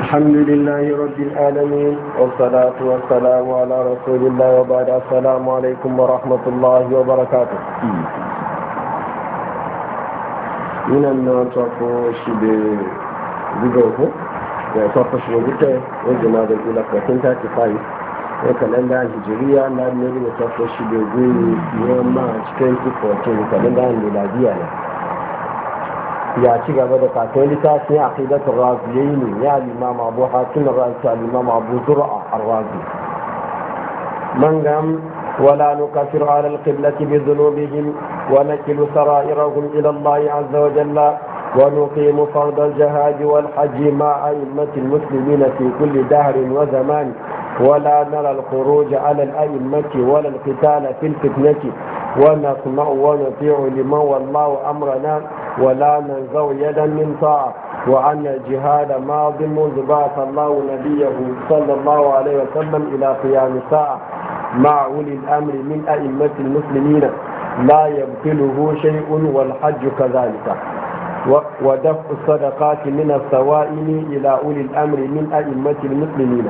الحمد لله رب العالمين والصلاة والسلام على رسول الله وبعد السلام عليكم ورحمة الله وبركاته من الناس تقوش بجوه تقوش بجوه وجناد الأولى 35 وكالندا الهجرية لا نعم، نريد نعم، تقوش بجوه يوم مارس 2014 وكالندا الميلادية يا شيخ أبدا da katon عقيدة الرازيين يا الإمام أبو حاتم الرازي يا الإمام أبو al الرازي من قام ولا نكفر على القبلة بذنوبهم ونكل سرائرهم إلى الله عز وجل ونقيم فرض الجهاد والحج مع أئمة المسلمين في كل دهر وزمان ولا نرى الخروج على الأئمة ولا القتال في الفتنة ونسمع ونطيع لمن والله أمرنا ولا ننزع يدا من طاعة وأن الجهاد ماض منذ بعث الله نبيه صلى الله عليه وسلم إلى قيام الساعة مع أولي الأمر من أئمة المسلمين لا يبطله شيء والحج كذلك ودفع الصدقات من السوائم إلى أولي الأمر من أئمة المسلمين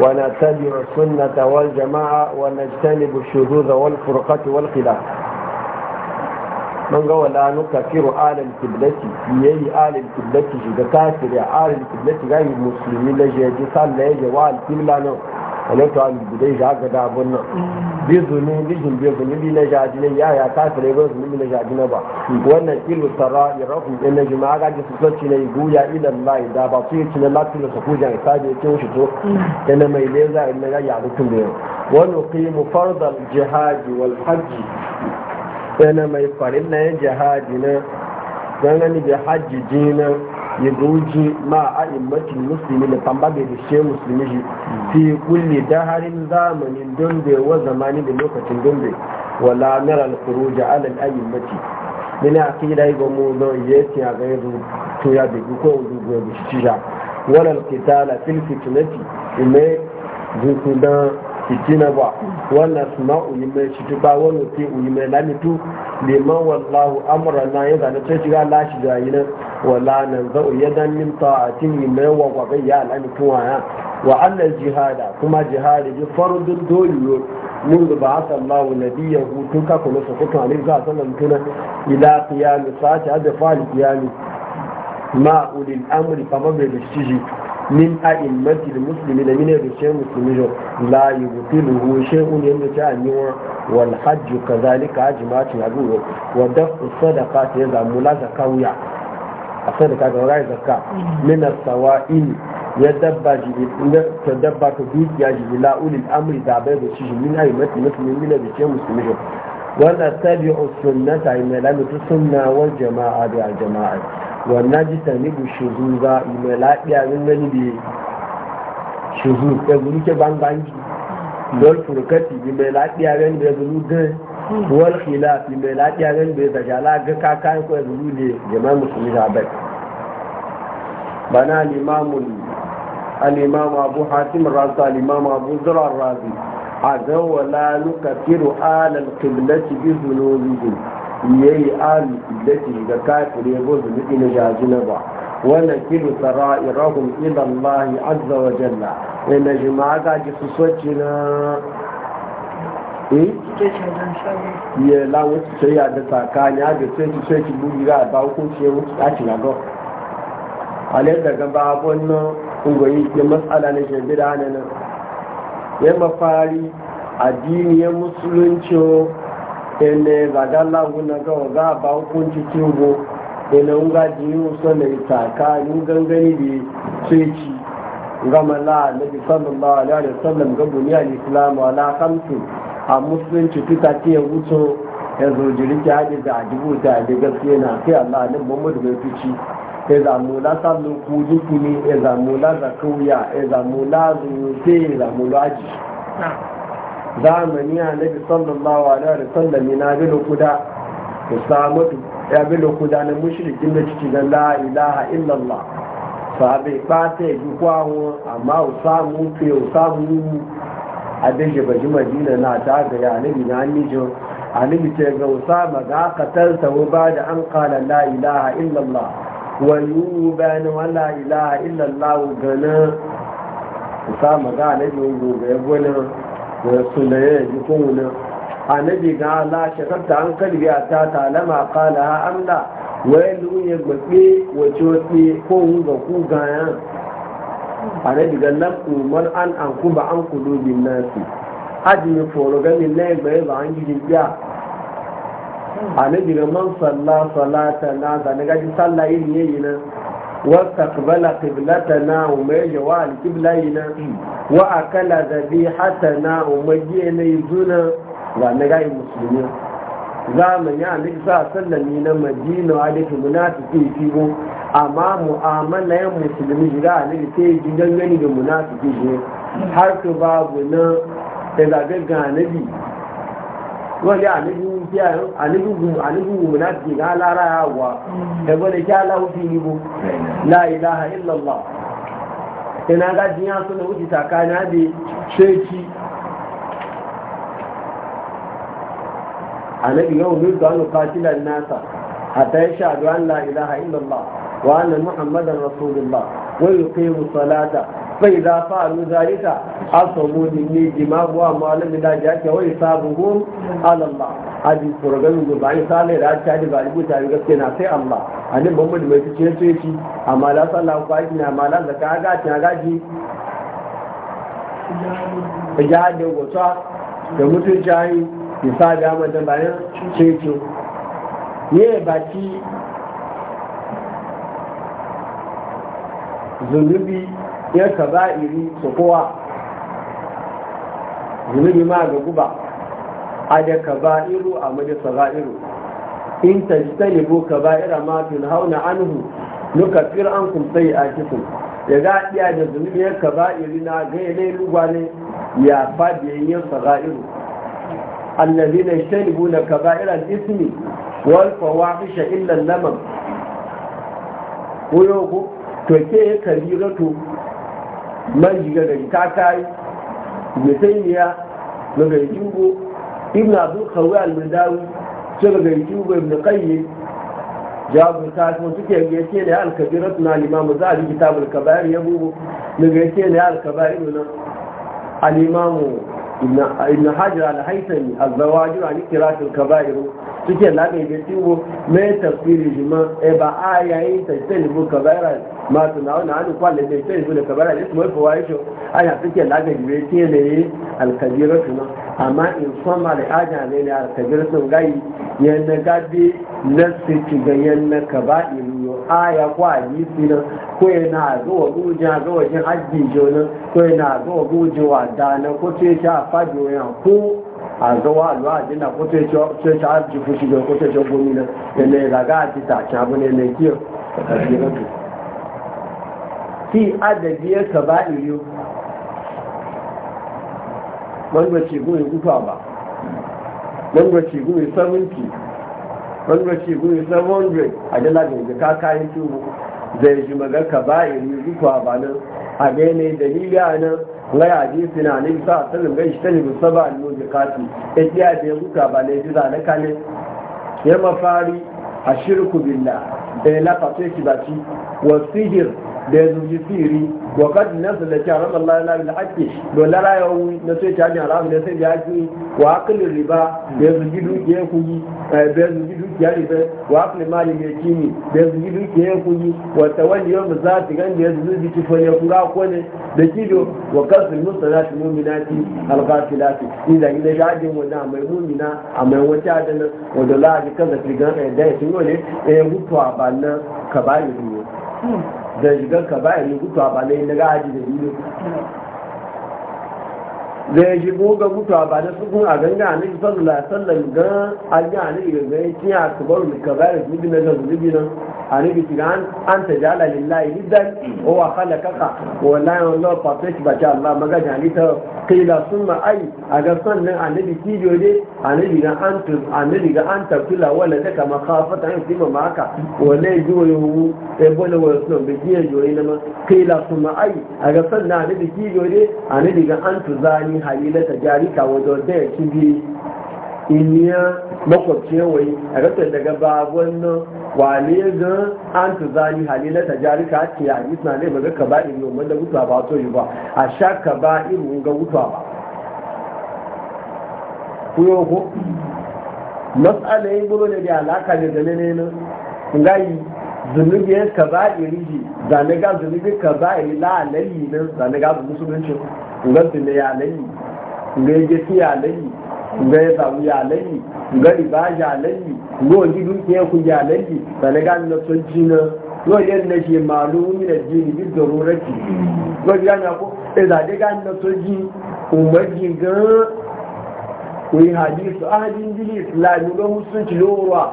ونتبع السنة والجماعة ونجتنب الشذوذ والفرقة والخلاف من قال لا نكفر آل الكبلة يي آل الكبلة جدا كافر آل الكبلة غير مسلمين لجي صلى يجي والكبلة نو halittu an gudai shi haka da abun nan bi zuni bijin bi zunubi na jajine ya ya kafirai ba zunubi na jajine ba wannan ilu sara irafin ɗin na jima'a ga ji sosai na guya ilan layi da ba su yi cin lafiya su kujan sabi ya kin shi to yana mai leza ina ya yi halittun da yau wani kimu fardar jihadi wal hajji yana mai farin na jihadi na ganin da hajji jinan ya doji ma a immatin musulmi da tambaga da shi musulmi shi fi kulle da harin zamanin dombe wa zamani da lokacin dombe wa lamar alkuru da alal ayyimmati nina a kira yi gomu don yi yake a gani tuya da begu ko wani da shi shi wani alkitala fil tunati ime zuku don fitina ba wannan suna uyimai shi tuba wani fi mai lamitu liman wallahu amura na ya zane ta shiga lashi jayi nan wala nan za'u ya dan min ta'atin yimai wa gwabe ya lamitu waya wa annal jihada kuma jihadi ji farudun doliyo منذ بعث الله نبيه تلك كل سقط عليه صلى الله عليه وسلم bai da shi. من أئمة المسلمين من الشيء المسلمين لا يبطله شيء يمتع نوع والحج كذلك أجمع تنبوه ودفع الصدقات يزع ملازة كوية الصدقات ورائي زكاة من السوائل يدبج تدبج بيت يجب لا أولي الأمر دابد الشيء من أئمة المسلمين من الشيء المسلمين ولا تبع السنة إن لم تسنى والجماعة بالجماعة wannan jita ne bu shuzu ba mai lafiya zan gani da shuzu ya zuru ke banganji dol furkati bi mai lafiya ran da ya zuru gan wal khilaf bi mai lafiya ran da ya zajala ga kakan ko ya zuru ne jama'a musulmi da bai bana al al-imam abu hatim razi al-imam abu zura razi a ga wala nukafiru alal qiblati bi dhunubihim yayi ali dake ga kafire bo ina na jajina ba wannan kiru sara'irahum ila Allah azza wa jalla ina jima'a ga ji su soci na eh ya lawo sai ya da tsakani ya ga sai sai ki bugi ga ba ko ce wuce a ci lago ale daga babon nan ungoyi ke matsala ne ke bidana nan ya mafari addiniyar musulunci ene bagala guna ga ga ba hukunci ciwo ene unga jiyu so ne taka ni gangani bi ceci gama la nabi sallallahu alaihi wasallam ga duniya islam ala khamsu a musulunci tuka ce wuto ya zo jiri ki haɗe da adibu da ade gaskiya na sai Allah ne Muhammad bai fici ya zamu la sallu kuji kuni ya zamu la zakauya ya zamu la zuyute ya zamu la aji zamani ya nabi sallallahu alaihi wa sallam na bi lokuda samu ya bi lokuda na mushrikin da ciki da la ilaha illallah sahabe fata ya ji kwawo amma ku ke samu a daji baji madina na ta ga ya nabi na a nabi ce ga usama ga qatalta wa ba da an qala la ilaha illallah wa yuban wa la ilaha illallah gana usama ga annabi gobe gwanin da sulaye jikunan annabi ga Allah shakarta an kalbiya ta talama kala ha amla wai luye gbe wace wace ko ga ku gaya annabi ga lam umar an an kuma an kulubin nasi ajimi foro gani na gbe ba an yi gidi biya annabi ga man salla salata na ga na gaji sallah iri yayi nan واستقبل قبلتنا وميج وعلى قبلينا وأكل ذبيحتنا ومجينا يزونا ونجاي المسلمين zamani a duk sa sallami na madina wa da munafiki fi go amma mu'amala ya musulmi shiga a duk sai ji gangani da munafiki har ka babu na da zagar nabi wọ́n lé àlejò tí àlejò gùn àlejò wù náà ti ká lára wà ẹ̀gbọ́n lè kí aláwọ̀ fi yíbo láìlá ìlọ́lá ìná gájí yá sọ́nà ó ti tàkà ní àdé ṣéèkì àlejò yóò ní ìgbà náà rasulillah ويقيم الصلاة فإذا فعلوا ذلك عصموا مني دماغهم وعلى ملاجئك ويصابهم على الله hadis furgan da bayan sale da ta da galibu ta gaske na sai Allah annabi Muhammad mai tace ce shi amma la sallahu alaihi na amma la zakka ga ta gaji ya da gota da mutun jayi ya sa da madan bayan ce ce ye baki zunubi ya kaba'iri su kowa zunubi ma ga guba a da kaba'iru a mada saba'iru in ta ji talibu kaba'ira ma fi hauna anhu nuka fir an kun sai a cikin ya ga iya da zunubi ya kaba'iri na gaya ne lugwa ne ya fadiyan yin saba'iru ismi يجتنبون كبائر الإثم والفواحش ko yau ko to ke kabiratu man jiga gari ta kai ya taimiya daga jingo ibn abdul khawi al-madawi sai daga jingo ibn qayyim jabu ta kuma suke yake da al-kabiratu na imam zali kitab al-kabair ya bubu daga yake da al-kabair na al-imam ibn hajar al-haythami al zawajir al qira'at al-kabair suke laɓe da tiwo mai tafsiri jima e ba a yayin tattalin bu kabara masu na wani hannu kwallon da tattalin bu da kabara da kuma fawa yi shi ana suke laɓe da tiwo ne yi alkabira su nan amma in son ma da aja ne ne alkabira sun gayi yadda gabi na su ci ga yadda kaba iriyo aya ko a yi su ko yana zuwa a zuwa jin hajji na ko yana zuwa gujin wa na ko ce ta fajiyoyin ko àzọwọ́ àlọ́ àdínà kó tó ṣe àjù fún ṣùgbọ́n kó tó ṣe gómìnà na ìràgá àti tàṣà abúlé ẹ̀lẹ́ kí ọ ọ̀tàbí ọ̀tù tí àdẹ̀bí ẹ̀ sọ̀bá ìlú mọ́ngbẹ̀tì ìgún ìgúkú àbá mọ́ngbẹ̀tì a ì 70 mọ́ngbẹ̀tì ìgún ì 700 àdẹ́lágbẹ̀ ìgbẹ̀ká káyé tí ó zẹ̀ ìjùmọ̀gá kàbá ìlú ìgúkú àbá náà àbẹ́ wai hadisi na nabi sa sallam ga ishtani bi saba al mubiqati e tiya be zuka ba ne ji zane kale ya mafari ashirku billah da la ba ci wa sihir da ya zuji siri wa kad nasu da cewa ramar lalala da ake dole rayuwa na sai ta jin haramu da sai da ake wa akalin riba da ya zuji dukiya kuyi da ya zuji dukiya riba wa akalin mali mai kini da ya zuji dukiya kuyi wa wani yau za ta gan da ya zuji jiki ya kura ko ne da kido wa kasu musa za ta muminati alghafilati in da gida wani a mai na a mai wata adana wanda la'aji kan da firgan da ya sun yi ne ya mutuwa ba nan ka ba yi da shigar ka a yi gutu a balai na gaji da biyu da ya shigo ga mutuwa ba da sukun a ganga a nake sallallahu sallam ga alga ne ga ga ci a kubar mu ka bayar zubi na da zubi nan a nake shiga an an ta jala lillahi idan o wa khalaqaka wallahi wallahi fatish ba ta Allah maga jani ta qila summa ai a ga sannan annabi kidiyo ne annabi ga an ta annabi ga an ta kula wala da kama khafata an kima maka wallahi jiwo yo e bola wala sun be jiye yo ina ma qila summa ai a ga sannan annabi kidiyo ne annabi ga an tu zani min halilata jarika wajen da ya kibi iniya makwabciyar wai a rasar daga babban nan wale gan an tu zani halilata ka ce a yi suna zai baga ka ba iri wanda mutuwa ba to yi ba a sha ka ba iri ga mutuwa ba kuyo ko matsala yi gudu ne da alaka da zane ne nan zunubi ya ka ba iri ji zane ga zunubiyar ka ba yi la'alayi nan zane ga musulunci ngan da ya alayi. ga ya jefi ya layi ga ya zawu ya lanyi ga riba ya lanyi ga wani dukiyar ku ya layi sannan eh, ga na sun na lóye ní ṣe màálù nílẹ̀ na níbi ìdòrò rẹ̀ jì lóye yányà kó ko ká ní tó jí òmọ́jì gan-an òyìn àdìsù áhàdì ìdílé ìsìláàmù ló ń sún jù lóòrò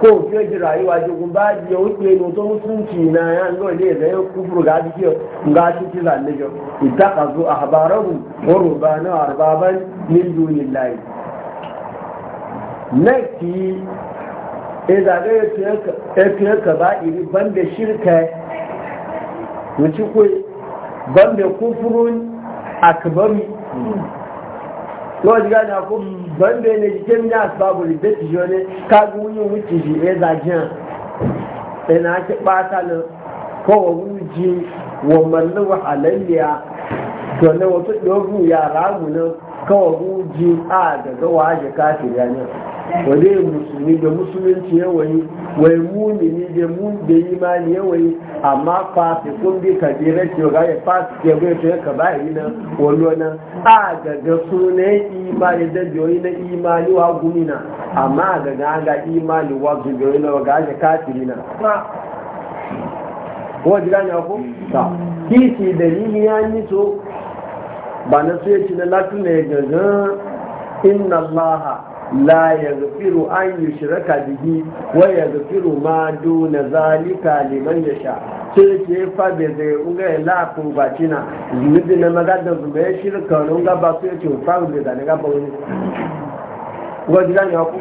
kó o fi ojú ràyè wájú ogun bá di ohun pé inú tó ń fún kì í náà yá lọ ilé ìfẹ́ kúfúrú ká ti kíọ nga títí là lẹ́jọ́ ìtàkàzó àbárọ̀hù wọ́rọ̀ bá náà àrùbá bá nílùú ìlàyé. nẹ́ẹ̀kì ìdàgbé ètò ẹ̀kọ́ bá ìrí bẹ́ẹ̀ ṣírkẹ́ wọ́n ti kú bẹ́ẹ̀ kúfúrú wọ́n ti gáàdì àkó bẹ́ẹ̀ ní jíjẹ́ ní àsìbábò lè na, tìjọ ní káàgùn wúyọ̀ wí tìjì ẹ̀dà jẹ́ ẹ̀nà àti pátá wa kọ́wọ̀ wúyọ̀ jí wọ́n mọ̀lẹ́wọ̀ àlẹ́yà tọ̀lẹ́wọ̀ tó yọ̀ wù yàrá àgùn náà kọ́wọ̀ a jí àgàgà wàá jẹ káàkiri àná. wanda musulmi da musulunci yawayi wai mumini da mun da imani yawayi amma fasi kun bi kabira ce ga ya fasi ke ga to ya kaba yi nan wallo nan a ga ga sunan imani da biyoyi na imani wa gumina amma ga ga ga imani wa biyoyi na ga ga kafiri na ko jira ne ko ta kisi dalili ya ni to ba na so ya ci na latu ne gaga inna allaha لا يغفر أن يشرك به ويغفر ما دون ذلك لمن يشاء sai fabe zai unga ya lafi na. zubi na magadar su mai shirin wani unga ba su yace faru da zane gaba wani wajen zan ya ku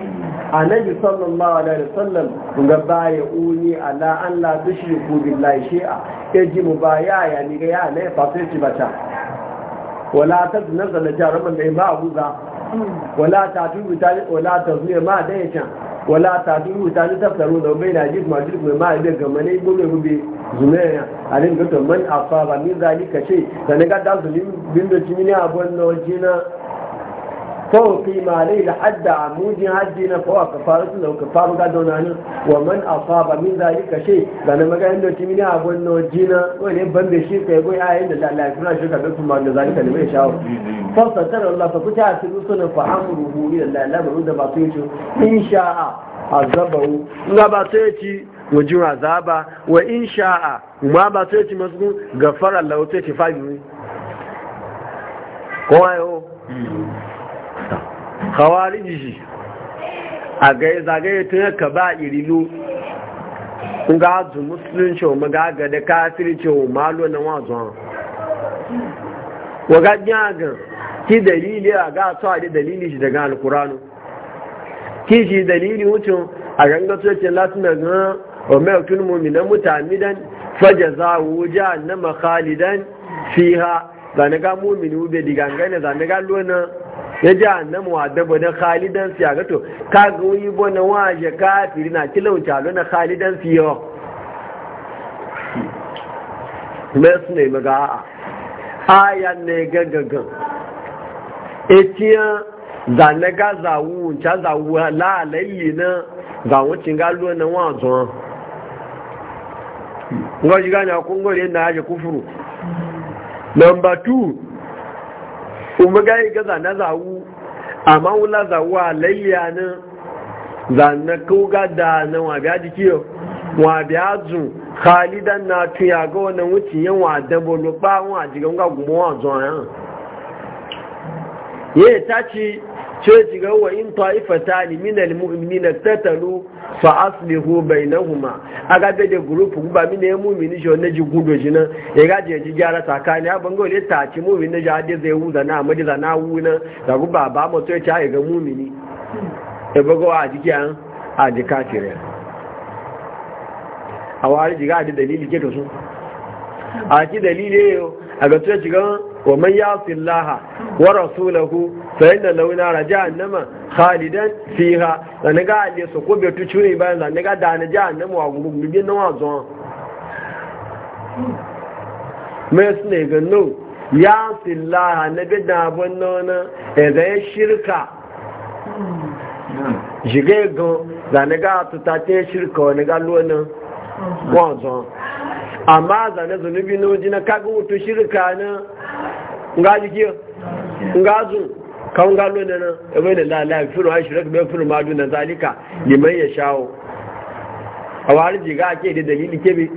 annabi sallallahu alaihi wasallam ga baya uni ala an la tushriku billahi shay'a yaji ya ni ga ya ne ci bata wala ta jaraban da ba huza wala ta dubu ta wala ta zuwa ma da yake wala ta dubu ta ta tafsaro da bai na ji ma ji ma da ga mane gobe gobe zumaya alin ga to man afa ba ni zalika shay sanan ga da zulmi bin da jini abun na wajina فهو ما عليه لحد عمود حجنا فهو كفارة له كفارة قدونانه ومن أصاب من ذلك شيء لأن ما قال إنه تمنع أبو إنه جينا وإنه بند الشركة يقول آه إن الله لا يكون الشركة بكم بعد ذلك لما يشاء فستر الله فكنت أسر سنة فأمره إلى الله لا مرود بطيته إن شاء عذبه لا بطيته wajen azaba وإن شاء ما ma مزقون غفر الله masu gafara lauta ci fagi khawariji shi a gai zagaye tun haka ba irinu ga azu musulunci wa magaga da kafirci wa malo na wazo wa ga ki dalili a ga su a dalili shi daga alkuranu ki shi dalili wucin a ganga tsoce latin daga gan omar tun mutane mutamidan faja za wuja na makhalidan fiha zane ga mumini ube ne zane ga lona ya ji annamu wa dabo na khalidan fiya gato ka ga wuyi bo na waje kafiri na kilon calo na khalidan fiya mai su ne maga a? aya ne gagagan etiya zane ga zawu ca zawu lalayi na zawuncin galo na wazon ngoji gani akwai ngori na aje kufuru number two kuma gaye ga zana zawu amma wula zawu a layya nan zana kuga da nan wa biya jiki yau wa biya zu khalidan na tuya ga wannan wucin yan wa dabo lo ba wa jigan ga gumo wa zo yan ye ta ci sai ga wa in ta'ifata ni min almu'minina tatalu fa aslihu bainahuma aga be de group guba min ne mu'mini jo ne jigudo jina e ga je ji gyara tsakani abin ga le ta ci mu'mini ja de zai wuza na amadi za na wuna da guba ba mu to ta e e ga mu'mini e bago a jiki an a ji kafire a wari jiga da dalili ke to su a ki dalili e yo aga ga to ci ga wa man yasi Allah wa rasulahu fa'inda launa raja annama khalidan fiha da na ga aliyu su kobe tu cune bayan da na da na ja annama wa na wazon mai su ne ga no ya na shirka na shirka wani ga lona amma zane zunubi na wajen na wuto shirka na kawun galo ne nan ebe da lalai firin haishi raka bai firin madu na zalika liman ya shawo a wani jiga ake da dalili kebe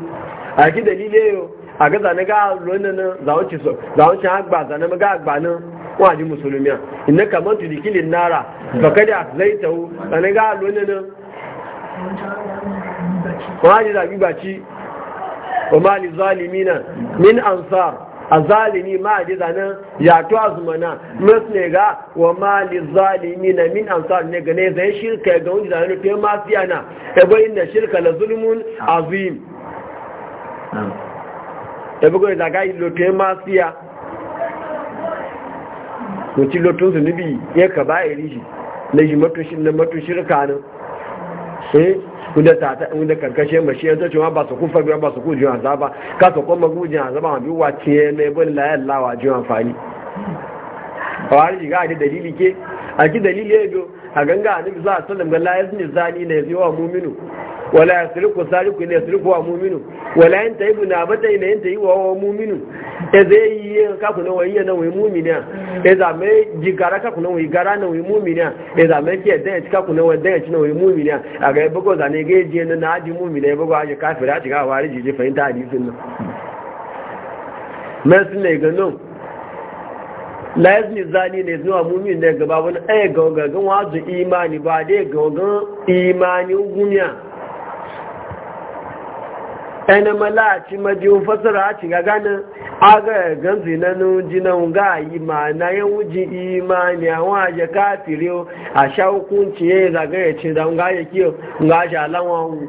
a ki dalili yau a ga zane ga lona nan zawancin agba zane maga agba nan wajen musulmiya inda kamar tudikilin nara ba kada zai tawo zane ga lona nan wajen zabi baci wa mali nan min ansar a zalimi ma a dizana ya to azumana ne ga wa ma li zalimi na min sa'ad ne gane zai shirka ga wani zalimi to ma fiya na ego na shirka la zulmun azim ebe ko zaga lo to ma fiya ko ti lo tun zunubi ya ka ba iri rishi na yi matushirka na shirka nan eh? wanda ta ta wanda karkashin mashi yanzu cewa ba su kufa biya ba su ku jiwa azaba ka su kuma gujin azaba ma biwa ce ne bin layan lawa jiwa amfani a wani shiga a dalili ke a ki dalili ya a ganga a nufi za a sallam ga layar ne zani na yazi wa muminu wala ya siriku sariku ne siriku wa muminu wala yin ta yi na bata ne yin ta yi wa muminu ya e zai yi wa kaku na wani yana wai mumina ya e zame jikara kaku na wai gara na wai mumina ya e zame ke dan ya ci kaku na wai dan ya ci na wai mumina a ga ya bugo zane ga yaji yana na aji mumina ya bugo aji kafira a shiga a wari jiji fahimta hadisin nan. Mai sun ne ganin la yazni zani ne zuwa mumin da gaba wani ɗaya eh, ga gagan wazo imani ba dai ga imani gumiya ɗana eh, malaci fasara a cin gaganin aga zinanin jinan ga yi yan wujin imani a waje kafire a sha hukunci eh, ya yi zagaya ce da nga ya kiyo nga sha lawan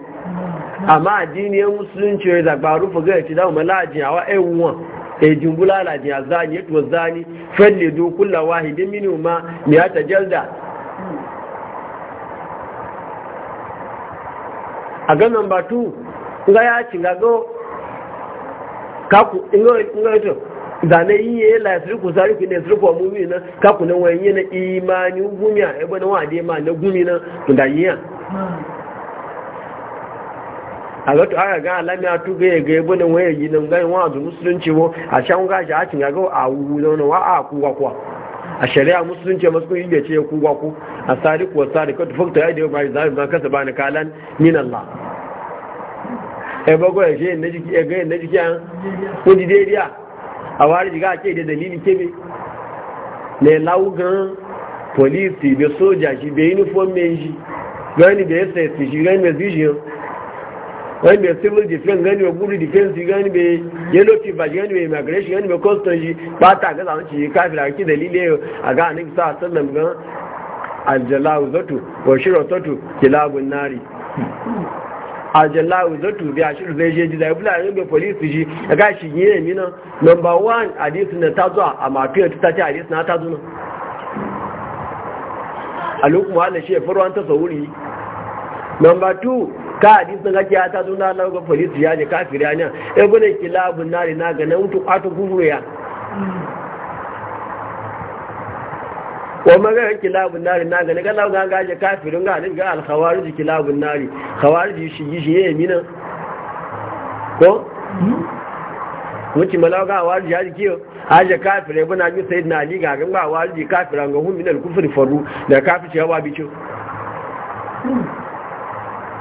amma addini ya musulunci ya zagbaru fuga ya da malaci a wa'ai e jumbula la ni azani ya tuwa zani falle do kulla wahidin minu ma ne ya jalda aga number 2 nga ya ci ga go kaku ingo ingo to zane yi la su ku sari ku ne su ku mu na kaku ne wani na imani a e na wa de ma na gumi na da a zato ga alami a ga ya ga yabo nan waya gidan gani wa musulunci a can ga shi hakin ga a wu wa a kuwa a shari'a musulunci masu kun inda ce ku a sadiku wa sadiku ta fakta ya da yau bai zaɓi kasa ba kalan min Allah ya shi na jiki ya ga an a wari da dalili ne wani mai civil defense gani mai buru defense gani mai yellow fever gani mai immigration gani mai custom shi ba ta ga zamanci shi kafi da ki yau, a ga annabi sa sallam ga aljalahu zato, wa shiru zatu kilabun nari aljalahu zato, bi ashiru zai je jida ibla yin bai police shi ga shi yi mi nan number 1 hadisi na ta zo a matuya ta ta hadisi na ta zo nan a lokacin wahala shi ya farwa ta sauri number two. ka hadisin ake ya ta suna Allah ga polisi ya ne kafiri ya ne eh, e kilabun nari na ga nan tu kwatu kufuru ya wa magana kilabun nari na ga ga lawa ga je kafirin ga nan ga alkhawari khawarij kilabun nari khawarij shi shi ya mina ko wuce malaga warji ya jikiyo haje kafirai buna bi sayyidina ali ga ga warji kafiran ga hu min al faru da kafirci ya wabi bicho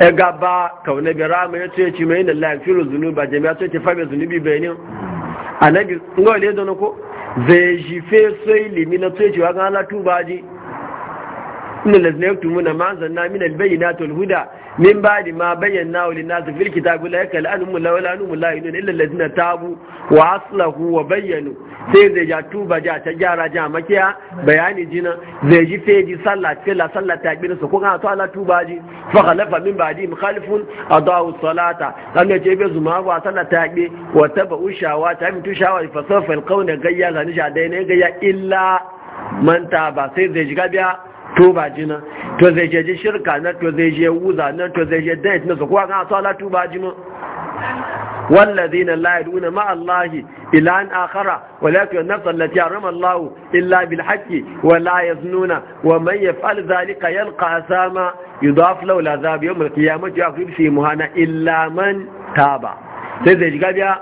ya e gaba kaune bi rama ya ce ci mai lillahi firu zunuba jami'a ce ce fabe zunubi bai ne annabi ngole da ko zai jife sai limina ce ce wa ga Allah tuba ji إن الذين يكتمون ما أنزلنا من البينات والهدى من بعد ما بيناه للناس في الكتاب أولئك الآن هم الله ولا sai zai ja tuba ja ta gyara ja makiya bayani jina zai ji feji sallah ce la sallah ta bi su kuma to ala tuba wa sallah ta bi wa tabu shawa ta mitu shawa fa illa man sai zai ji to ba jina to zai je shirka na to zai je wuza na to zai je dait na su kan asu ala tuba jima والذين لا يدعون مع الله إلى أن آخر bil النفس التي حرم الله wa بالحق ولا يزنون ومن يفعل ذلك يلقى أساما يضاف له العذاب يوم القيامة يأخذ في مهانا إلا من تاب سيدي جابيا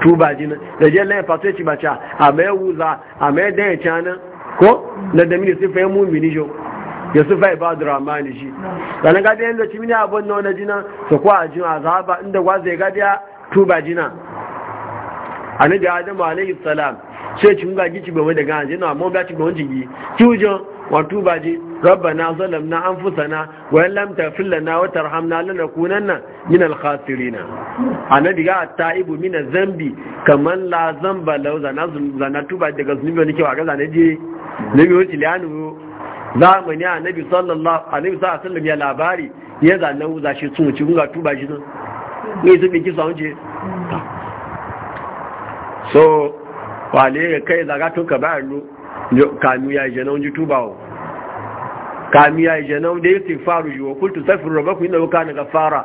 tuba jinin da je lai fato ci bacha a mai wuza a mai dan ya cana ko na da mini sifa ya mumini jo ya su fa ibadu ramani shi sanan ga da yanda cimini abun na wani jina su ku a jin azaba inda kwa zai ga ya tuba jina annabi adam alayhi salam sai cin ga gici gaba daga an jina amma ba ci gaba jingi tujo wa tuba ji rabbana zalamna anfusana wa lam taghfir lana wa tarhamna lanakunanna min na. A annabi ga taibu min zambi kaman la zamba lau zana zana tuba daga zunubi ne ke wa ga zana je ne bi wuce liyanu zamani annabi sallallahu alaihi wasallam ya labari ya zanna wuza shi sun ci kunga tuba shi sun ne su bi kisa wuce so wale kai zaga to ka bayar lu kanu ya je nan tuba tubawo kanu ya je nan ya yake faru yi wa kultu safir rabbakum innahu kana gafara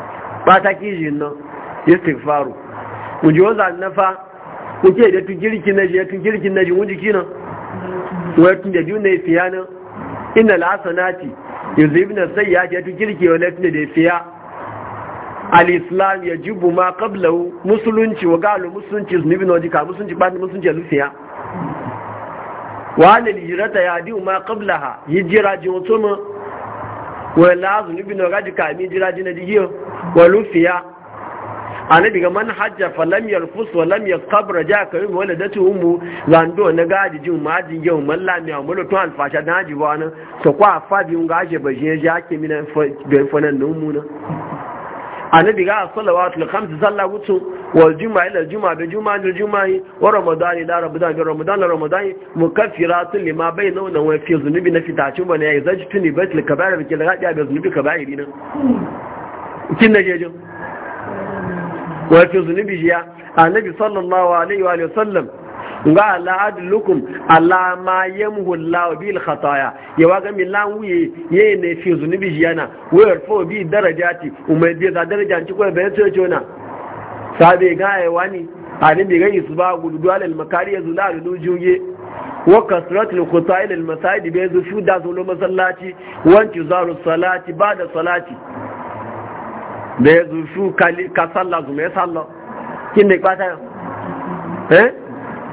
pátákì yìí ná yóò tẹ̀ fárò òjò na fa náfa òjò èdè tún na náà yẹ tún jíríkì náà yìí wọ́n jìkì náà wọ́n tún dẹ̀dú náà fìyà náà iná lásánátì yanzu ibi na sai ya tun kirki wa laifin da fiya al-islam ya jibu ma kablau musulunci wa galo musulunci zunubi na wajika musulunci ba musulunci ya lufiya wa halin rata ya diu ma kablaha hijira ji wato mu wala zunubi na gaji kami jira jina jiyo walu fiya annabi ga man hajja fa lam yarfus wa lam yaqab raja ka yumi waladatu ummu zando na gaji jin majin yau mallami a mulo to alfasha na haji ba nan to kwa fa bi un gaje ba je ja ke mina fa nan ummu na annabi ga salawat al khams salla wutu wal juma'a ila juma'a bi juma'a al juma'a wa ramadan ila ramadan bi ramadan ila ramadan mukaffiratun lima bayna wa wa fi dhunubi na fitacin bane ya zaji tuni al kaba'ir bi kila ga bi dhunubi kaba'iri din kin naje jo wa fi dhunubi ya annabi sallallahu alaihi wa sallam nga ala adlukum ala ma yamhu Allah bil khataya ya waga mi lan wuye ye ne fi zunubi yana wa yarfo er bi darajati umma bi da daraja ci ko be ce ce na sabe ga ai e wani ani bi ga isba gudu al makari yazula lu juye wa kasratul khutaya lil masajid bi zu da zulo masallaci wa intizaru salati ba'da salati be zu shu ka sallah zu me sallah kin ne kwata eh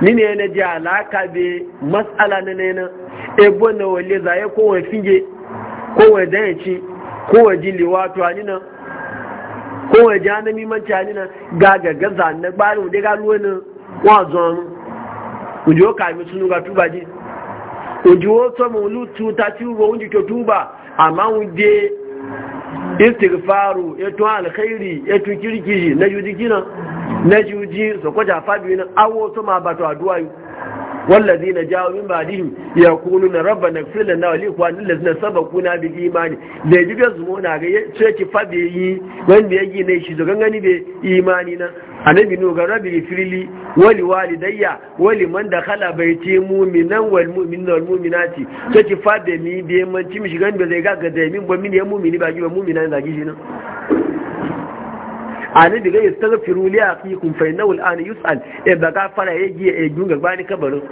nini yana ji alaka be matsala na nena ebo na wale zaye ko wani finge ko wani dayanci ko wani jili wato a nina ko wani ji hannun mimanci a nina ga gaga zanen gbari wani ga ruwa e na wazo anu uji o kami sunu ga tuba ji uji o so mu lu tuta ti ubo unji to tuba amma wuje istighfaru eto alkhairi eto kirkiji na judi kina na juji su kwaja fabi nan awo su ma ba to addu'a yi wallazi na jawo min ba badihim ya kunu na rabba na fi na, wali kuwa nila zina saba kuna bi imani da yi ga zumo na ga ce ki fabi yi wanda ya gina shi zo gani bi imani na annabi no ga rabbi firili wali wali, walidayya wali man da khala baiti mu'minan wal mu'minina wal mu'minati ce ki fabi mi bi man ci mi shigan da zai ga ga da min ba min ya mu'mini ba gi ba mu'mina da gi shi na. ani diga yastaghfiru li aqikum fa innahu al'ana yus'al e baga fara yegi e gunga bani kabarin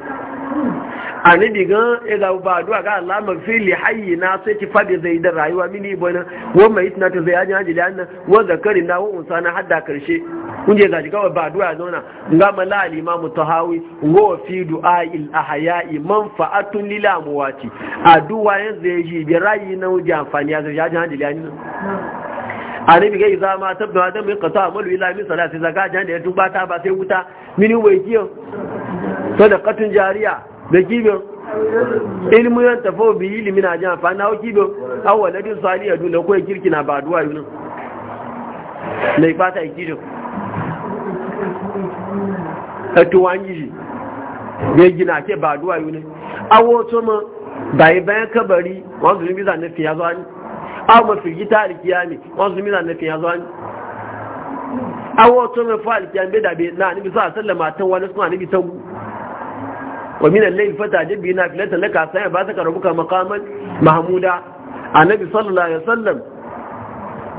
ani diga e da ba du'a ga Allah fi li hayyina sai ki fadi zai da rayuwa mini bana wa mai tana ta zai ajin ajili annan wa zakari na wa unsana hadda karshe kun je gaji kawai ba a zauna nga mala al imam tahawi wa fi du'a'il ahya'i manfa'atun lil amwati addu'a yanzu yaji bi rayi na wuce amfani ya zai ajin ajili annan annabi ga iza ma tabda da ya qata amalu ila min salati zaka jan da ya tuba ta ba sai wuta mini wai kiyo sadaqatun jariya da kibo ilmu ya tafau bi ilmi na jan fa na kibiyo awaladin saliya dole ko kirki na ba duwa yun mai fata ikijo atuwan yiji bai gina ke ba duwa yun awo to ma bai bayan kabari wanzu libiza na fiya zuwa awa firgita alkiyami wanzu mina nufin ya zuwa awa to mai fa alkiyami bai dabe na nufi sa sallama tan wani suna nufi ta wa min al-layl fata jibbi na filata laka sai ba ta karabuka maqaman mahmuda annabi sallallahu alaihi wasallam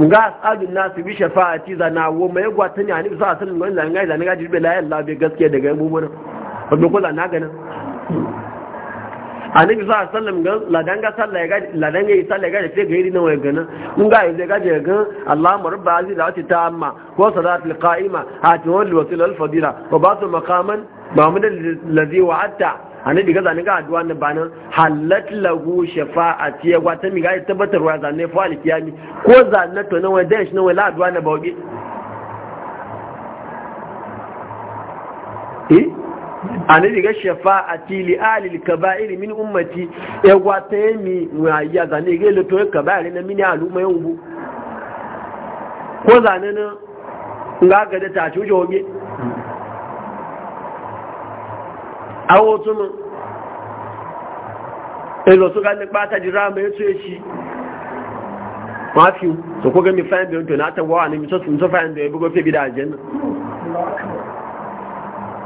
nga asadun nasu bi shafa'ati zana wo mai gwata ne annabi sallallahu alaihi wasallam ga ga ga jibbi la ilaha illa bi gaskiya daga mu mun ba ko zana ga ganin. annabi sa sallam ga ladanga sallah ga ladanga yi sallah ga ce gairi nan waya gana mun ga yanzu ga ga Allahumma rabba aziz wa ta amma ko salatul qa'ima hati wal wasil al fadila wa ba'du maqaman ma'mudan ladhi wa'atta annabi ga zanin ga addu'a na bana halat lahu shafa'ati ya gwata mi ga tabbatarwa zanne fa alkiyami ko zanne to nan waya dan shi nan waya addu'a na bawge eh anabi ga shafa'ati li alil iri min ummati e ya gwata mi waya ga ne ya kaba kaba'ir na mini aluma yangu ko zane na nga ga da ta ci joge awo tun elo to ga ni pata jira me to echi mafi so ko ga mi fa en be to na ta wa ni mi so so fa en be bugo fe bidaje na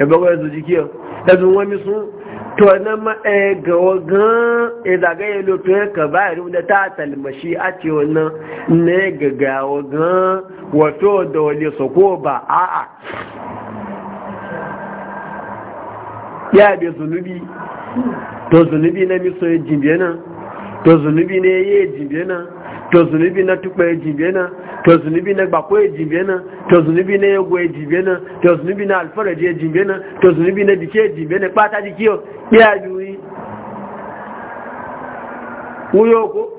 ẹgbẹ́ wọ́n ẹ̀sùn jíkí ọ ẹ̀sùn wọ́n mi sún tọ́nà ẹgbẹ̀wọ̀ gan ìdàgẹ́ ìlú tó ń kà báyìí rí wọ́n tàà tàlìmọ̀ṣí àti ọ̀nà ní àwọ̀ gan an tó ọ̀dọ̀ na mi ọba àà tó zunubi náà tó náà to zunubi na gbako ya e jimbe nan to zunubi na yago ya e jimbe nan to zunubi na alfaraji ya jimbe nan to zunubi na dike ya e jimbe nan kpata jiki yau ya juyi wuyo ko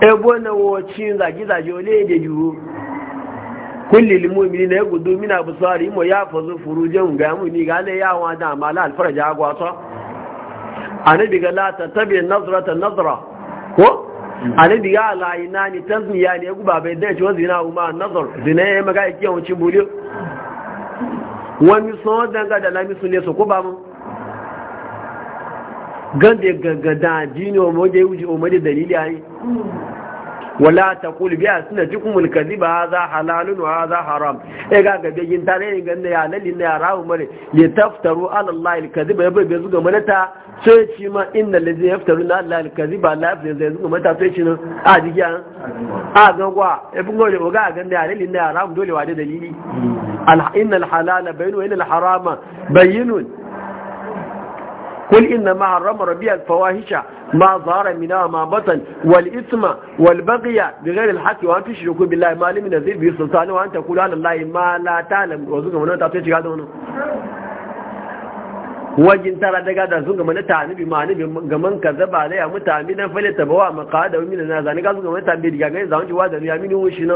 ebo na wocin zage-zage ole da juwo kulli limomini na ya gudu mina busari imo ya fazo furu jan ga mu ni ga le yawon da amala alfaraji agwata annabi ga la ta tabi ta nazara ko Ali ya alayi na ni ya ne guba ba dai ci wanzu yana umar nazar zina ya maga ki kiyan wuce buli wani sun danga da sun ne su ba mu gande gaggada jini omode wuce omode dalili a yi wala biya taqul bi asnatikum alkadhiba hadha halalun wa hadha haram e ga ga bigin tare ne ganna ya lalin ne ya rawu mare li taftaru ala allah ya yabe bai zuga manata sai ci ma inna allazi yaftaru ala allah alkadhiba la yafe zai zuga mata sai ci a jigi an a ga gwa e bungo le ga ganna ya lalin ne ya rawu dole wa da dalili inna alhalala bayinu wa inna alharama bayinun قل إنما حرم ربي الفواحش ما ظهر منها ما بطن والإثم والبغي بغير الحق وأن تشركوا بالله ما لم ينزل به سلطان وأن تقول على الله ما لا تعلم وزنك من أنت هذا هنا wajin tara daga da sun gama na tanibi ma ne ga man kaza ba da ya mutami dan fale tabawa maqada wa min zani ga sun gama tabi diga ga zan ji wa da ya mini wushi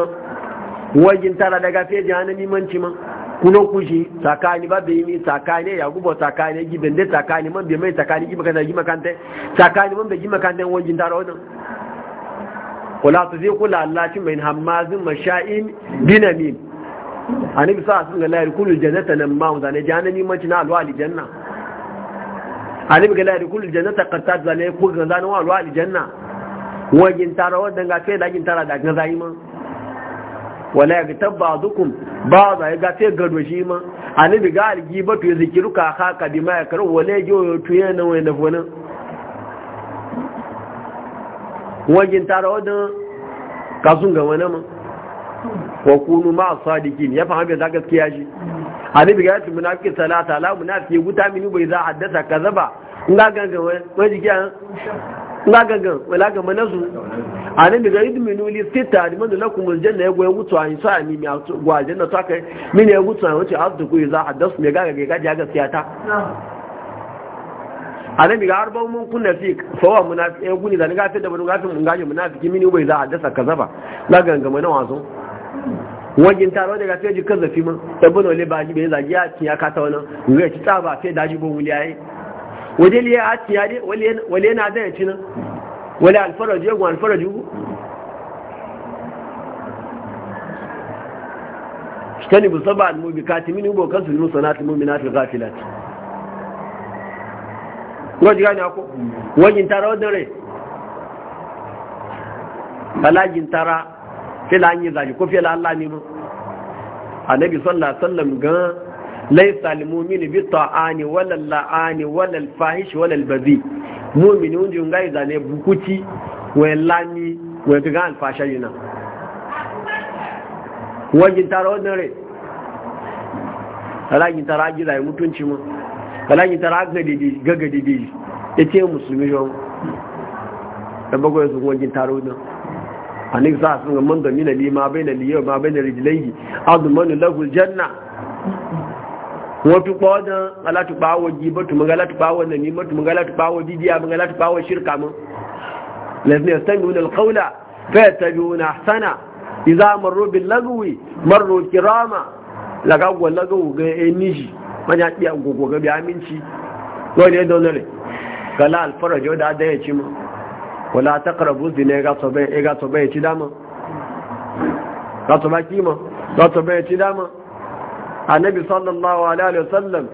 wajin tara daga fe jahannami man ci man kuno kushi tsakani ba bai mi tsakani ya gubo tsakani giben da tsakani man bai mai tsakani gibe kaza gibe kante tsakani man bai gibe kante wajin tara wannan wala tu zai kula Allah shi mai hammazin masha'in binamin annabi sa sun ga lahir kullu jannata nan ma zane jahannami mace na alwa aljanna annabi ga lahir kullu jannata qattat zane ku ga zane wa alwa aljanna wajin tara wannan ga kai da gin tara da ga zai man wala ya ta ba zukun ba za ya gafe gado shi ma anabi ga algi ba to ya zikiru ka haka bi ma ya karu wala ya ji oyo tuye na wani nafonin wajen tara wadda kasun ga wani ma wa kunu ma a sadikin ya fahimta bai za gaskiya shi anabi ga yasu munafiki salata la munafiki guta mini bai za haddasa ka zaba in ga gangan wani jikiya lagagan walaga manazu anan daga idminu minuli sita da liman lakum aljanna yago ya wuto an sa ni mi gwa aljanna to kai min ya gutu an wace abdu ku za hadas me gaga ga gaji ga siyata anan daga arba mun kunna fi fawa munafiq ya guni da ga fitar da mun ga mun gaje munafiki min bai za hadasa kazaba lagan ga mana wazo wajin taro daga sai jikan zafi mun tabbano le baji bai zagi ya kiya ka ta wannan ga ci tsaba sai ji bon wuliyaye waje liya a ciya ne wale yana zai ci nan wale alfaraju yagun alfaraju ku shitani bu saba almubi katimin ubo kansu yi sanatu mumina fi gafilati wajen gani ako wajen tara wadda rai alajin tara fila an yi zaji ko fila allah ne ma annabi sallallahu alaihi wasallam gan laisa almu'minu bi ta'ani wala la'ani wala alfahish wala albazi mu'minu unji ngai zane bukuti we lani we ga alfasha yina wajin taro dare alajin tara gida mutunci mu alajin tara gadi gagadi di yace musulmi jo da bago yanzu wajin taro dare annabi sa sun man da mina lima baina liyo ma baina rijlaihi admanu lahu janna. wafi ɓodan alatu ɓawo gibatu mun galatu ɓawo na nimatu mun galatu ɓawo bidiya mun galatu ɓawo shirka mun lazina yastangiuna alqawla fa yattabi'una ahsana idza marru bil lagwi marru kirama laga go lagawu ga eniji manya iya gogo ga bi aminci dole da dole kala alfarajo da da ya ci mu wala taqrabu zina ga tobe ga tobe ya ci dama ga tobe kima ga tobe ya ci dama annabi sallallahu alaihi wasallam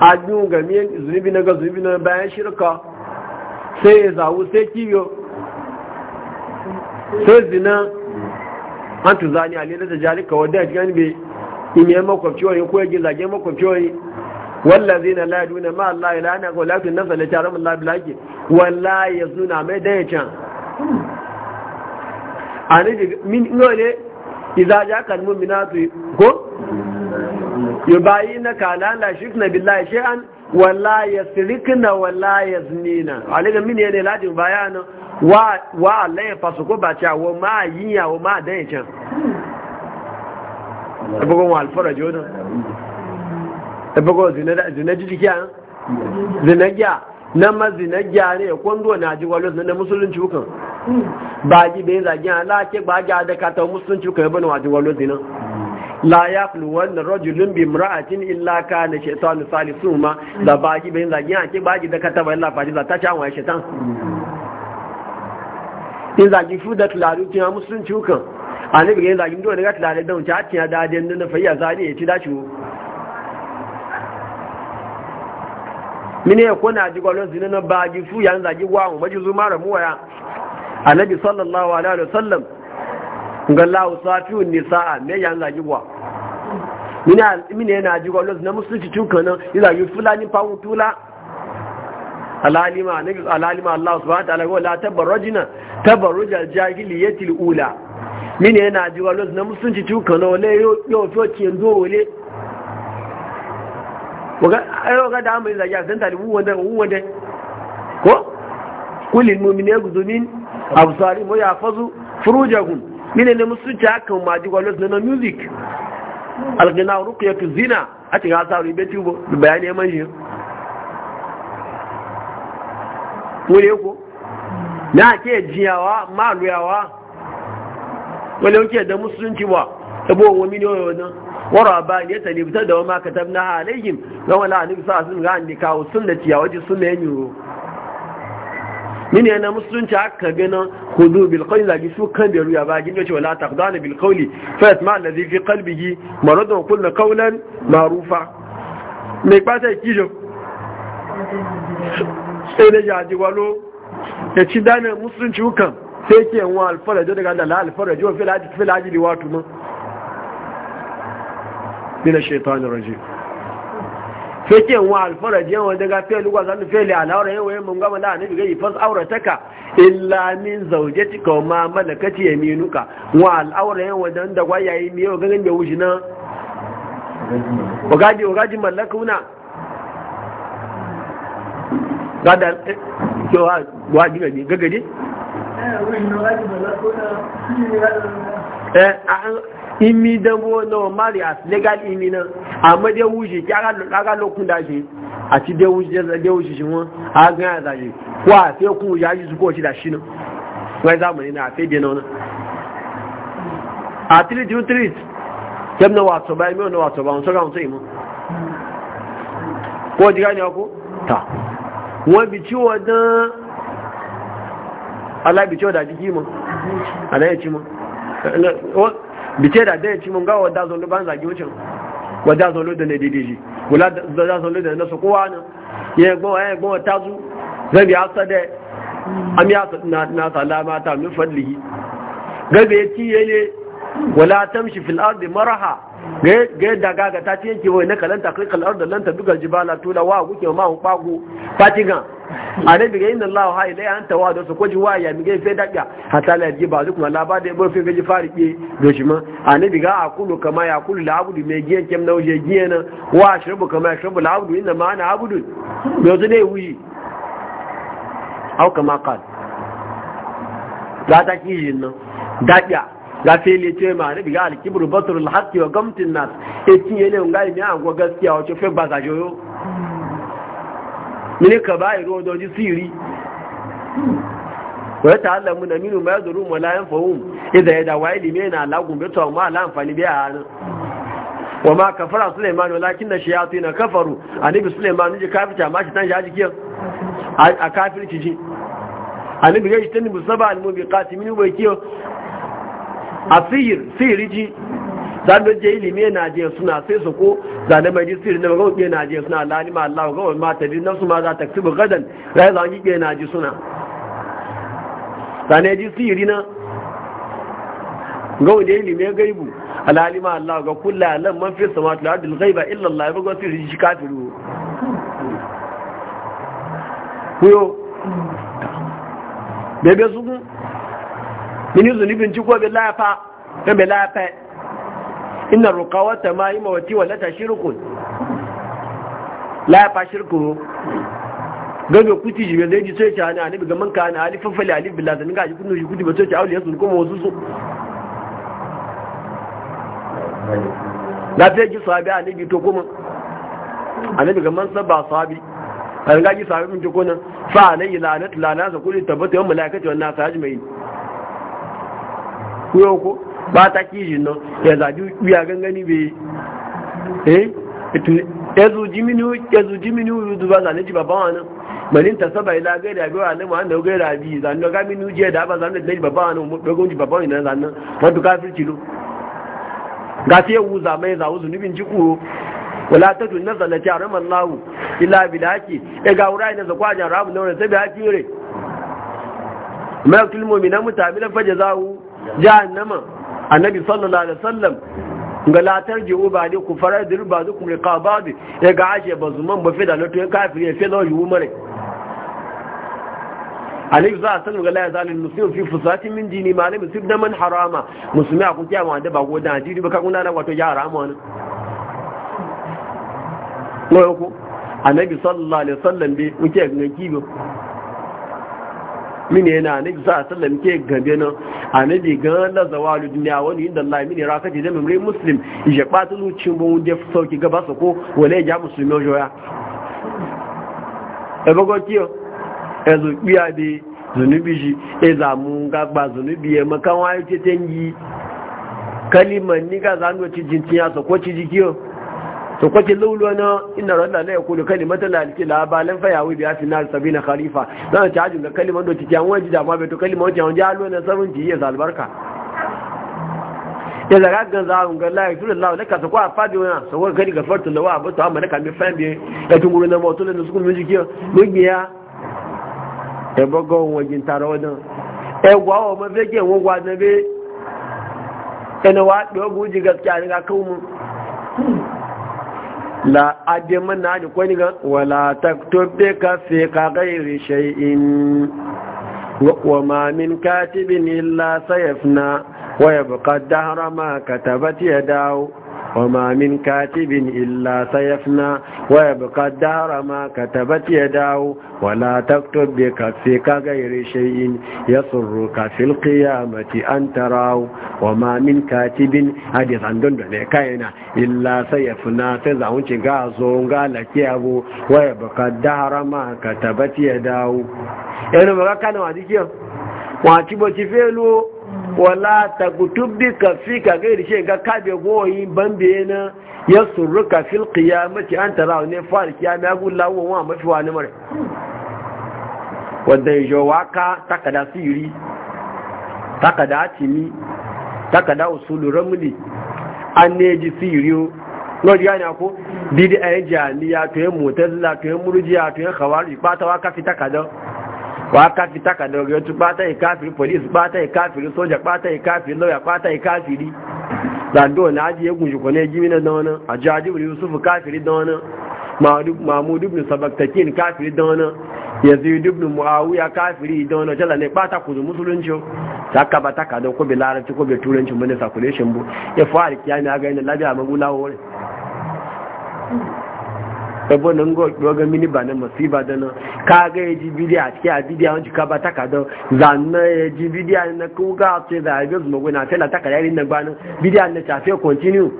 ajin game zunubi na ga zunubi na bayan shirka sai ya zawo sai kiyo sai zina an tuzani a lera da jarika wadda a gani bai in yi makwabci wani ko yake zage makwabci wani zai na layi na ma Allah ya lana ko lafi nasa da taron Allah bilaki wallah ya zuna mai dan ya can a ne min ne idza jaka almu'minatu ko yubayinaka la la shirkna billahi shay'an wala yasrikna wala yaznina alega mini ne lajin bayanin wa wa Allah ya fasu ko ba cha wa ma yiya wa ma dan can ebogo wa alfara jodo ebogo zina zina jijiya zina gya na mazina gya ne kwando na ji walos na musulunci hukan baji bai zagi ala ke baji a daga ta musulunci kai bane wajen walo dinan la ya fi wannan rajulun bi imra'atin illa ka na misali, su ma da baji bai zagi a ke baji daga ta bai lafaji za ta ci awon shaitan in zagi fi da tularu kina musulunci kan a ne bai zagi ndo daga tularu don ci a tiya da nuna fayya zari ya ci dashi mini ya kona ji gwalon zini na baji fu ya zagi wa mu maji zuma ramuwa ya annabi sallallahu alaihi wasallam ga lawo safiun nisaa me yan ngaji gwa mina mina yana jiwa gwa na musulunci tun kanan ila yi fulani fawo tula alalima annabi alalima Allah subhanahu wa ta'ala go la tabarrujna jahiliyyati al ula mina yana jiwa gwa na musulunci tun kanan wala yo to kin do wale waga da amuri da ya zanta da wuwan da ko kullu mu'minu yaghzun abusari mo ya fazu furujagun mine ne musulunci hakan ji gwalos na music algina rukiyatu zina a cikin hasaru ibe tubo bayani ya manshi wule ko na ke jiyawa ma maluyawa wale ke da musulunci ba yabo wa mini yau nan wara ba ne ta ne fitar da wa makatab na halayyim na wani annabi sa sun ga an kawo sun da ciyawa ji sun ne yuro mini yana musulunci haka gina hudu bilkoli zagi su kan da ruya ba wace wala la taqdana bilkoli fa yasma allazi fi qalbihi maradon kullu kaunan ma'rufa me pata kijo sai da jaji walo ya ci dana musulunci hukan sai ke yawan alfarajo daga da alfarajo wa fil hadi fil hadi wato mun fake wa alfaraji yawan daga felu ga zanu fele alawara yawan yawan gama da annabi gai fas aurataka illa min zawjatika wa ma malakati yaminuka wa alawara yawan dan da gwayayi mi da wushi imi dambo na mari as legal imi na amma dai ki aka lokun da shi a ci dai wuce dai shi mun a ga da shi ko a sai ku ya ji su shi da shi nan wai zamani na sai dai nan a tiri tiri kem na wato bai mi na wato ba so ga so imu ko diga ne ko ta won bi ci wadan Allah bi ci wadan jiki mu Allah ya ci bice da dai cimin gawa wadda zolo ban zagi wucin wadda zolo da na daidaiji wadda zolo da na su kowa nan ya gbawa ya gbawa ta zu zai ya sa da ya na salama ta min fadlihi gabe ya ciye ne wala tamshi fil ardi maraha ga daga ga ta yanke wai na kalanta kai kal ardi lanta tabuga jibala tula wa guke ma hun pago fatiga anabi ga inna allah ha ilai anta wa da su koji wa ya mi ga fe daga hata la ji bazu kuma la ba da bo fe ga ji farike do shi ma anabi ga akulu kama ya kulu la abudu me giyan kem na uje giyan wa shrubu kama ya shrubu la abudu inna ma ana abudu yanzu ne wuyi au kama qal da ta kijin nan daga ga sai le ce ma ne biga alkibru basrul haqqi wa gamtin nas e tinye ne ngai ne an go gaskiya wace fe ba ga joyo mini ka ba iro doji siri wa ta'allamu na minu ma yadru ma la yanfa'um idza e yada wa ilmi na la gumbe to ma la amfani bi a wa ma kafara sulaiman walakinna shayatin kafaru anabi sulaiman ji kafita ma shi tan shi kiyan a kafirci ji anabi ya shi tan musaba al-mubiqati min bai kiyo a sihir sihiri ji zanen je ilimi na je suna sai su ko zanen mai sihiri na magawar ke na je suna lalima Allah gawar mata bi na su ma za ta ci bu gadan rai zan ke na ji suna zanen ji sihiri na gawar da ilimi gaibu lalima Allah ga kulla lan man fi samatu ladil gaiba illa Allah ya bugo sihiri shi kafiru kuyo bebe su mini zunubin ji ko bi lafa ta bi lafa ina rukawata ma yi mawati wa lata shirkun shirku shirkun Ga kuti jibe zai ji sai ta ne ga man ka na alifin fali alif billah zan ga ji kunu ji kuti ba sai ta ya sun kuma wasu su na sai ji sahabi annabi to kuma annabi ga man ba sahabi an ga ji sahabi mun ji kunan fa alayhi lanatu lanasa kulli tabata yawm malaikati wan nas ajmain kuyo ko eh? ba ta kishi nan ya zaji wuya gangani bai eh itu yazo ya yazo jimini yudu zuba zane ji baba wannan malin ta saba ila ga da biwa ne ma ne ga da bi zan ga minu je da ba zane da ji baba wannan mu dogon ji baba wannan zan wato kafirci lo ga sai wuza zama ya zawu zunubin ji kuro wala ta tun nasa na ci haram Allah ila bi da bilaki ya e ga wura ina zakwajen ramu na wani sai bi hakire mai kilmomi na mutane na mutamila fajazahu jahannama annabi sallallahu alaihi wasallam ga latar jiwu ba ne ku farar da ruba zuku mai kawo ba ne ya ga ashe ba zuman ba fi da lato ya kafin ya fi na yiwu mare alif za a san ga laya zalin musulmi fi fusati min jini ma alif sif da man harama musulmi a kuke amma da bago da jiri ba ka kuna na wato ya harama wani ko yau ko annabi sallallahu alaihi wasallam bai kuke ganki ba mini yana ne za a sallam ke gabe nan annabi ga la zawalu dunya wani inda Allah mini raka ji da mimri muslim ya kwata zuciyar bon wanda sauki gaba su ko wala ya musulmi joya e bago kiyo e zo biya de zunubi shi e za mu ga ba zunubi e makan wayo tetengi kalimar ni ga zanuwa cijin tiya so ko ciji kiyo to kwace lulu na inna rabba la yaqulu kalimatan la ilaha balan fa yawi bi atina sabina khalifa dan ta ajin ga kaliman do tiyan waji da ma bai to kaliman waji an jalo na sabun ji ya albarka ya zaga ga za ga la ilaha illallah laka ta kwa fadi wa so wa kari ga fartu lawa ba to amma laka mi fan bi da tunguru na moto ne su kuma jiki mu biya e bogo wajin tarawadan e gwawo ma bege wo gwa na be ene wa do buji gaskiya ga kawu la adema na ni kwani ga wala taktub ka fi ka ghairi shay'in wa ma min katibin illa na wa yabqa dahra ma katabat yadahu وما من كاتب إلا سيفنا ويبقى الدار ما كتبت يداه ولا تكتب بكفك غير شيء يصرك في القيامة أن تراه وما من كاتب هذه عن دندن إلا سيفنا تزعون غازون قالك يابو ويبقى الدار ما كتبت يداه يعني مغاكا نواديك وانتبوتي فيلو wala ta kutubi ka fi ka gai da ga kabe goyi bambe na ya suru ka fil mace an tara ne fara kiyama ya gula wa wa mafi wani mara wadda yi jowa ka takada yuri takada atimi takada usulu ramuli an ne ji siriyo lọ́dí yá ni a kó dídí ẹ̀yẹ jẹ́ àníyà tó yẹ mọ̀tẹ́lá tó yẹ múrújíyà tó yẹ kàwárí pátá fi takada. wa ka fita ka daga yotu bata yi kafiri police bata kafiri soja bata yi kafiri lauya bata yi kafiri zando na aji ya gunshi kone jimi na da wani a jajibir yusufu kafiri da wani mahmud ibn sabaktakin kafiri da wani yazid ibn muawiya kafiri da wani jala ne bata ku zu musulunci ta ka bata ka don kobe larabci kobe turanci mun da circulation bu ya fara kiyami a ga yana labiya magula wore ebo nan go yoga mini ba ka ga yaji e bidiya ciki a bidiya wani ka ba taka da zanna yaji bidiya na kuga ce da zuma go na tela taka yarin na gbanin bidiya na ta fe continue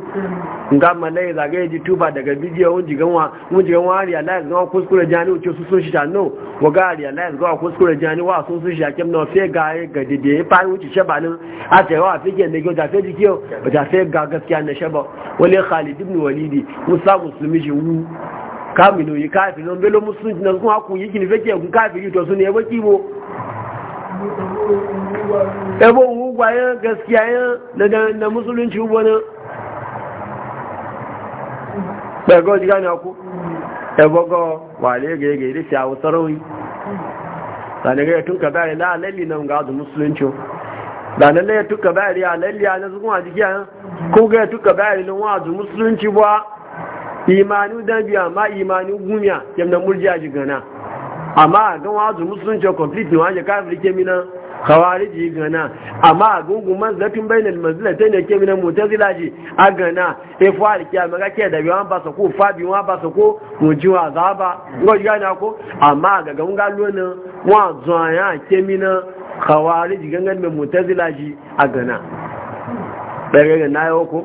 nga malai e za ga yaji e tuba daga bidiya wani ganwa wani ganwa ri Allah kuskure jani ce su sun no wa ga ri Allah ya zama kuskure jani wa sun sun shi akem na fe ga ga dede ya fa wuce shabanin a fe ba ta fe ga gaskiya na shaba wani Khalid ibn Walidi musa musulmi shi wu kamino yi kafin nan belo musulunci na kuma kun yi kini fake kun kafin to su ne ba kibo ebo ugwayen gaskiya yan na musulunci ubonin ɓago ji gani aku ebogo wale ga a da fiyawo sarari zanaga yi tunka bayan na alalli nan ga azu musulunci zanaga ya tunka bayan ya alalli a nasu kuma jiki yan ko ga ya tunka bayan nan wa azu musulunci ba imanu dan biya ma imanu gumiya yamna murjiya shi gana amma a ga wazu musulunci complete ne waje kafir ke mina khawariji gana amma a gungun manzatin bainal manzilatain ne ke mina mutazila ji a gana e fa'al kiya maga ke da biyan ba sa ko fa biyan ba sa ko mujiwa zaba ngo gana ko amma a ga gunga lona wa zuwa ke mina khawariji gangan mai mutazila ji a gana daga ga nayo ko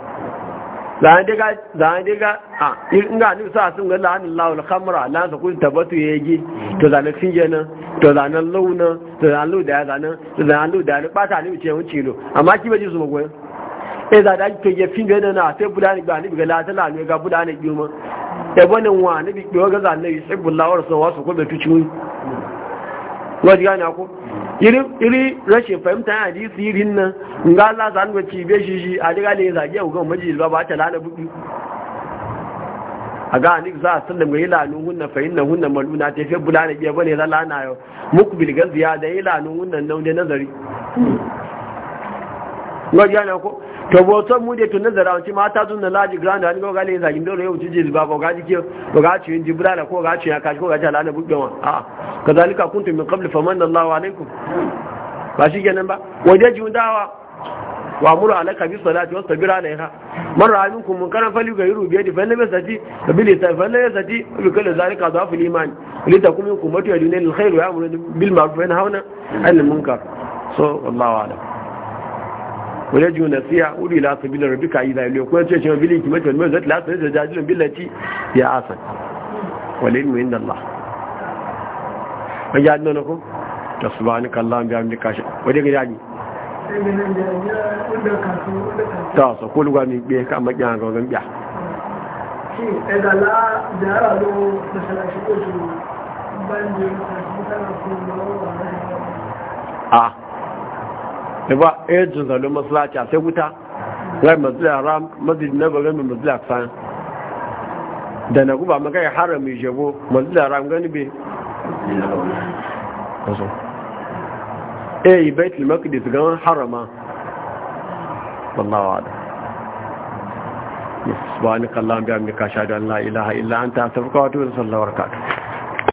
zan diga zan diga a in ga ni sa sun ga lanin lawul khamra la su kun tabatu yegi to zan finje nan to zan launa to zan lu da zan to zan lu da ba ta ni ce mun cilo amma ki baje su magoyin e za da ke ya finje nan na sai budani ga ni ga la ga budani biyo ma e bonin wa ni biyo ga zan ne yusibullahi wa rasulullah ko be tuci wajen gane ku iri rashin fahimta yana di tsirin nan nga Allah za nuna cibe shi shi a daga ne zage a hukun majiyar ba ba ta lana buɗi a ga za a sallam ga yi hunna fahim na hunna maluna ta fi bula na ba ne zala na yau muku bilgan ziya da yi lanun hunna na wunde nazari wajen gane ku to mu da tun nazara wanci mata tun da laji grand an goga le zagin dole yau jiji ba ko gaji ke ko ga ci jibril ko ga ci ya kashi ko ga ci alana wa a kazalika kuntum min qabl famanna Allahu alaikum ba shi kenan ba waje jundawa wa muru alaka bi salati wa sabira alaiha man mun kana fali ga yuru biye fa sati fa bi lisani fa nabi sati bi kulli zalika dhafu al-iman li takum minkum ummatu yaduna lil khair wa ya'muru bil ma'ruf wa yanhauna 'anil munkar so wallahu a'lam wani ji nasiha uri la su bilar duka yi da iliyo kuma ce cewa bili kimanta wani mai zai lasa da jajirin billaci ya asan wale ilmu inda Allah wani jaji nuna ku ta su ba ni kallon biya mai kashi wani ga jaji ta su ko luwa mai biya kan makin a gaugan biya shi ɗazala da yara lo ba eh jin zalo a sai wuta rai masjid masu masjid na bare mai masjid san da na guba maka harami shebo masjid haram gani be kaso eh baitul maqdis gan harama wallahi wa'ada subhanakallahumma bihamdika ashhadu an ta ilaha illa anta astaghfiruka wa atubu ilaik